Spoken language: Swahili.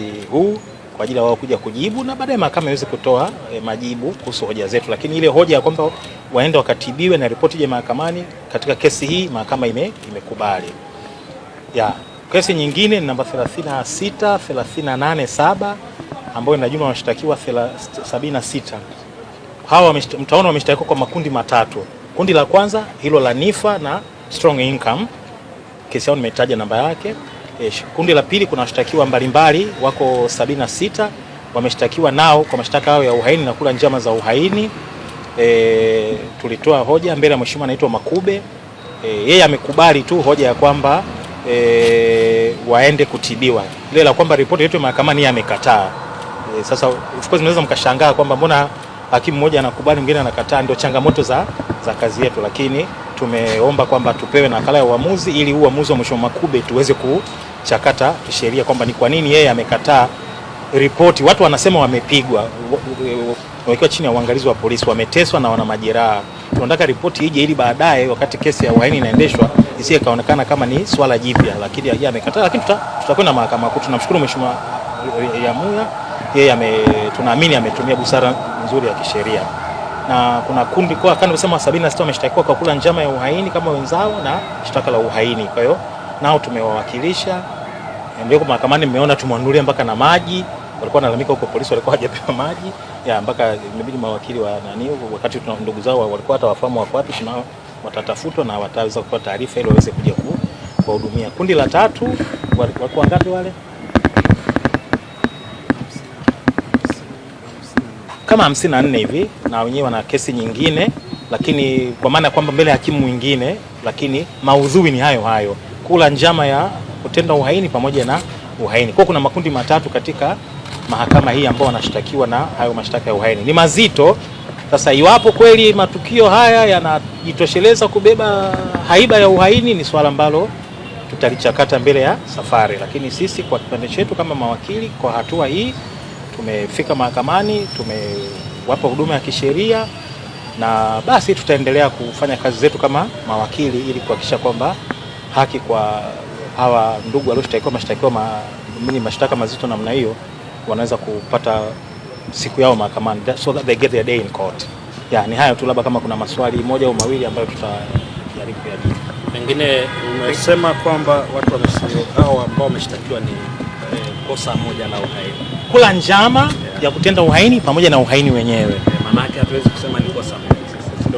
mwezi huu kwa ajili ya wao kuja kujibu na baadaye mahakama iweze kutoa e, majibu kuhusu hoja zetu, lakini ile hoja ya kwamba waende wakatibiwe na ripoti ya mahakamani, katika kesi hii mahakama ime, imekubali ya. Kesi nyingine ni namba 36 38 7 ambayo ina jumla washtakiwa 76. Hawa mtaona wameshtakiwa kwa makundi matatu. Kundi la kwanza hilo la Nifa na Strong Income, kesi yao nimetaja namba yake. Eh, kundi la pili kuna washtakiwa mbalimbali wako sita wameshtakiwa nao kwa mashtaka yao ya uhaini na kula njama za uhaini. E, tulitoa hoja mbele ya mheshimiwa anaitwa Makube. E, yeye amekubali tu hoja ya kwamba e, waende kutibiwa, ile la kwamba ripoti yetu mahakamani yeye amekataa. E, sasa of course mnaweza mkashangaa kwamba mbona hakimu mmoja anakubali mwingine anakataa, ndio changamoto za, za kazi yetu lakini tumeomba kwamba tupewe nakala ya uamuzi ili uamuzi wa Mheshimiwa Makube tuweze kuchakata kisheria kwamba ni kwa nini yeye amekataa ripoti. Watu wanasema wamepigwa, wakiwa chini ya uangalizi wa polisi, wameteswa na wana majeraha. Tunataka ripoti ije ili baadaye, wakati kesi ya uhaini inaendeshwa, isiye kaonekana kama ni swala jipya, lakini yeye amekataa, lakini tutakwenda mahakama kuu. Tunamshukuru Mheshimiwa Yamuya, yeye tunaamini ametumia busara nzuri ya kisheria na kuna kundi kwa kusema sabini na 76 wameshtakiwa kwa kula njama ya uhaini kama wenzao na shtaka la uhaini. Kwa hiyo nao tumewawakilisha ndio kwa mahakamani, mmeona tumwanulia mpaka na maji. Walikuwa wanalalamika huko, polisi walikuwa hajapewa maji ya mpaka imebidi mawakili wa nani, wakati tuna ndugu zao walikuwa hata wafahamu wako wapi, tunao watatafutwa na wataweza kupata taarifa ili waweze kuja kuwahudumia. Kundi la tatu walikuwa ngapi wale? kama nne hivi, na wenyewe wana kesi nyingine, lakini kwa maana ya kwamba mbele ya hakimu mwingine, lakini maudhui ni hayo hayo, kula njama ya kutenda uhaini pamoja na uhaini. Kwa kuna makundi matatu katika mahakama hii ambao wanashtakiwa na hayo mashtaka ya uhaini, ni mazito. Sasa iwapo kweli matukio haya yanajitosheleza kubeba haiba ya uhaini, ni swala ambalo tutalichakata mbele ya safari, lakini sisi kwa kipande chetu kama mawakili, kwa hatua hii tumefika mahakamani, tumewapa huduma ya kisheria na basi tutaendelea kufanya kazi zetu kama mawakili ili kuhakikisha kwamba haki kwa hawa ndugu walioshtakiwa mashtakiwa ma, mini mashtaka mazito namna hiyo wanaweza kupata siku yao mahakamani, so that they get their day in court. Ya, ni hayo tu, labda kama kuna maswali moja au mawili ambayo tutajaribu kuyajibu. Pengine umesema kwamba watu hao ambao wameshtakiwa ni eh, kosa moja la uhaini kula njama ya kutenda uhaini pamoja na uhaini wenyewe. Eh, maana yake hatuwezi kusema ni kosa